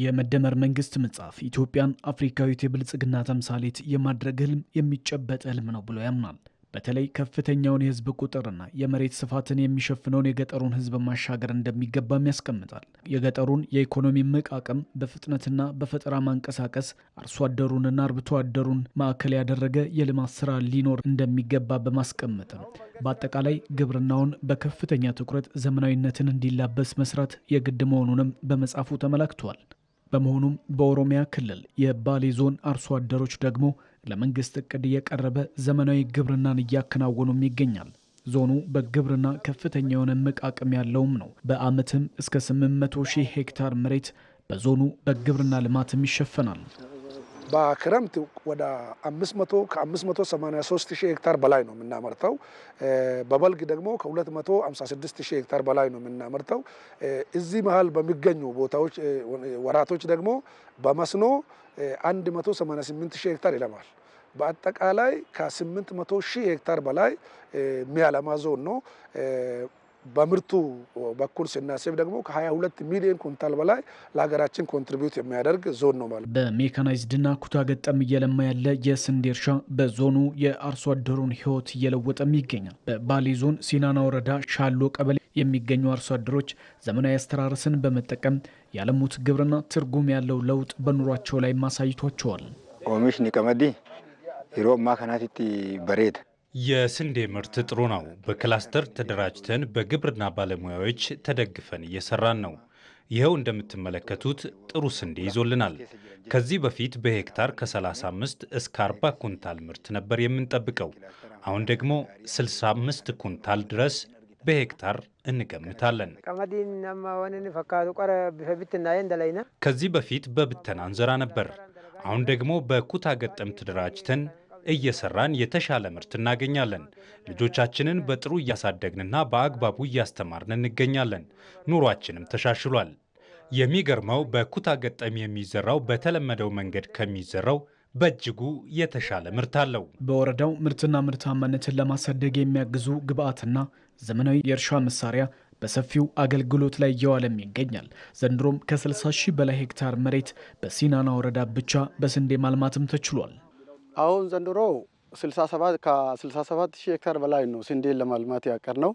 የመደመር መንግስት መጽሐፍ ኢትዮጵያን አፍሪካዊት የብልጽግና ተምሳሌት የማድረግ ህልም የሚጨበጥ ህልም ነው ብሎ ያምናል። በተለይ ከፍተኛውን የህዝብ ቁጥርና የመሬት ስፋትን የሚሸፍነውን የገጠሩን ህዝብ ማሻገር እንደሚገባም ያስቀምጣል። የገጠሩን የኢኮኖሚ ምቅ አቅም በፍጥነትና በፈጠራ ማንቀሳቀስ አርሶ አደሩንና አርብቶ አደሩን ማዕከል ያደረገ የልማት ስራ ሊኖር እንደሚገባ በማስቀመጥም በአጠቃላይ ግብርናውን በከፍተኛ ትኩረት ዘመናዊነትን እንዲላበስ መስራት የግድ መሆኑንም በመጽሐፉ ተመላክቷል። በመሆኑም በኦሮሚያ ክልል የባሌ ዞን አርሶ አደሮች ደግሞ ለመንግስት እቅድ የቀረበ ዘመናዊ ግብርናን እያከናወኑም ይገኛል። ዞኑ በግብርና ከፍተኛ የሆነ ምቅ አቅም ያለውም ነው። በአመትም እስከ 800 ሺህ ሄክታር መሬት በዞኑ በግብርና ልማትም ይሸፈናል። በክረምት ወደ 500 ከ583 ሺህ ሄክታር በላይ ነው የምናመርተው። በበልግ ደግሞ ከ256 ሺህ ሄክታር በላይ ነው የምናመርተው። እዚህ መሀል በሚገኙ ቦታዎች ወራቶች ደግሞ በመስኖ 188 ሺህ ሄክታር ይለማል። በአጠቃላይ ከ800 ሺህ ሄክታር በላይ የሚያለማ ዞን ነው። በምርቱ በኩል ስናስብ ደግሞ ከ22 ሚሊዮን ኩንታል በላይ ለሀገራችን ኮንትሪቢዩት የሚያደርግ ዞን ነው ማለት። በሜካናይዝድና ኩታ ገጠም እየለማ ያለ የስንዴ እርሻ በዞኑ የአርሶ አደሩን ሕይወት እየለወጠም ይገኛል። በባሌ ዞን ሲናና ወረዳ ሻሎ ቀበሌ የሚገኙ አርሶ አደሮች ዘመናዊ አስተራረስን በመጠቀም ያለሙት ግብርና ትርጉም ያለው ለውጥ በኑሯቸው ላይ ማሳይቷቸዋል። ኦሚሽኒ ቀመዲ የሮ ማከናትቲ በሬት የስንዴ ምርት ጥሩ ነው። በክላስተር ተደራጅተን በግብርና ባለሙያዎች ተደግፈን እየሰራን ነው። ይኸው እንደምትመለከቱት ጥሩ ስንዴ ይዞልናል። ከዚህ በፊት በሄክታር ከ35 እስከ 40 ኩንታል ምርት ነበር የምንጠብቀው። አሁን ደግሞ 65 ኩንታል ድረስ በሄክታር እንገምታለን። ከዚህ በፊት በብተና እንዘራ ነበር። አሁን ደግሞ በኩታ ገጠም ተደራጅተን እየሰራን የተሻለ ምርት እናገኛለን። ልጆቻችንን በጥሩ እያሳደግንና በአግባቡ እያስተማርን እንገኛለን። ኑሯችንም ተሻሽሏል። የሚገርመው በኩታ ገጠም የሚዘራው በተለመደው መንገድ ከሚዘራው በእጅጉ የተሻለ ምርት አለው። በወረዳው ምርትና ምርታማነትን ለማሳደግ የሚያግዙ ግብዓትና ዘመናዊ የእርሻ መሳሪያ በሰፊው አገልግሎት ላይ እየዋለም ይገኛል። ዘንድሮም ከ60 ሺህ በላይ ሄክታር መሬት በሲናና ወረዳ ብቻ በስንዴ ማልማትም ተችሏል። አሁን ዘንድሮ 67 ከ67 ሺህ ሄክታር በላይ ነው ስንዴን ለማልማት ያቀር ነው።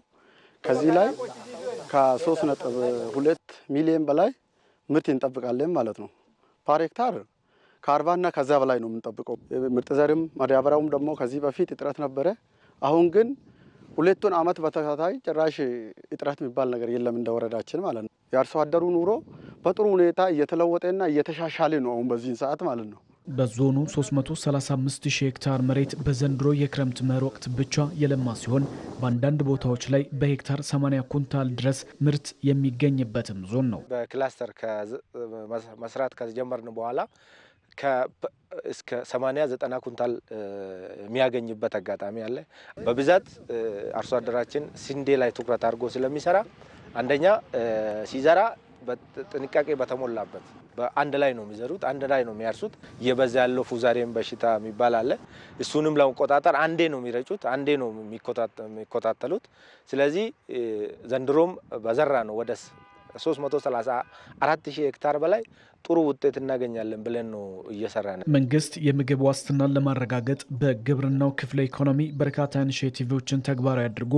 ከዚህ ላይ ከ3.2 ሚሊዮን በላይ ምርት እንጠብቃለን ማለት ነው። ፓር ሄክታር ከ40 እና ከዛ በላይ ነው የምንጠብቀው። ምርጥ ዘርም ማዳበሪያውም ደግሞ ከዚህ በፊት እጥረት ነበረ። አሁን ግን ሁለቱን ዓመት በተከታታይ ጭራሽ እጥረት የሚባል ነገር የለም እንደወረዳችን ማለት ነው። የአርሶ አደሩ ኑሮ በጥሩ ሁኔታ እየተለወጠና እየተሻሻለ ነው አሁን በዚህን ሰዓት ማለት ነው። በዞኑ 335 ሺህ ሄክታር መሬት በዘንድሮ የክረምት መኸር ወቅት ብቻ የለማ ሲሆን በአንዳንድ ቦታዎች ላይ በሄክታር 80 ኩንታል ድረስ ምርት የሚገኝበትም ዞን ነው። በክላስተር መስራት ከጀመርን በኋላ እስከ 80 90 ኩንታል የሚያገኝበት አጋጣሚ አለ። በብዛት አርሶ አደራችን ስንዴ ላይ ትኩረት አድርጎ ስለሚሰራ አንደኛ ሲዘራ ጥንቃቄ በተሞላበት በአንድ ላይ ነው የሚዘሩት፣ አንድ ላይ ነው የሚያርሱት። እየበዛ ያለው ፉዛሬም በሽታ የሚባል አለ። እሱንም ለመቆጣጠር አንዴ ነው የሚረጩት፣ አንዴ ነው የሚኮታተሉት። ስለዚህ ዘንድሮም በዘራ ነው ወደስ ከ334 ሺህ ሄክታር በላይ ጥሩ ውጤት እናገኛለን ብለን ነው እየሰራ መንግስት የምግብ ዋስትናን ለማረጋገጥ በግብርናው ክፍለ ኢኮኖሚ በርካታ ኢኒሽቲቭዎችን ተግባራዊ አድርጎ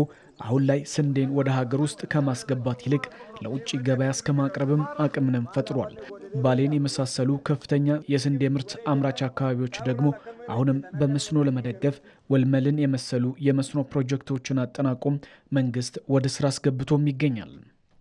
አሁን ላይ ስንዴን ወደ ሀገር ውስጥ ከማስገባት ይልቅ ለውጭ ገበያ እስከማቅረብም አቅምንም ፈጥሯል። ባሌን የመሳሰሉ ከፍተኛ የስንዴ ምርት አምራች አካባቢዎች ደግሞ አሁንም በመስኖ ለመደገፍ ወልመልን የመሰሉ የመስኖ ፕሮጀክቶችን አጠናቆም መንግስት ወደ ስራ አስገብቶም ይገኛል።